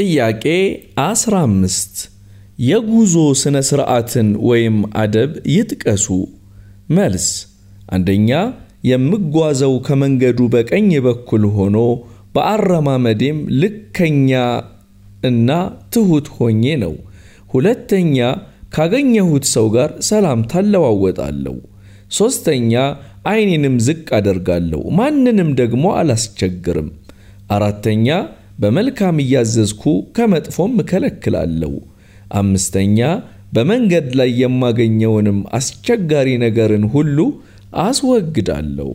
ጥያቄ 15 የጉዞ ሥነ ሥርዓትን ወይም አደብ ይጥቀሱ። መልስ፣ አንደኛ የምጓዘው ከመንገዱ በቀኝ በኩል ሆኖ በአረማመዴም ልከኛ እና ትሑት ሆኜ ነው። ሁለተኛ ካገኘሁት ሰው ጋር ሰላምታ እለዋወጣለሁ። ሦስተኛ ዓይኔንም ዝቅ አደርጋለሁ፣ ማንንም ደግሞ አላስቸግርም። አራተኛ በመልካም እያዘዝኩ ከመጥፎም እከለክላለሁ። አምስተኛ በመንገድ ላይ የማገኘውንም አስቸጋሪ ነገርን ሁሉ አስወግዳለሁ።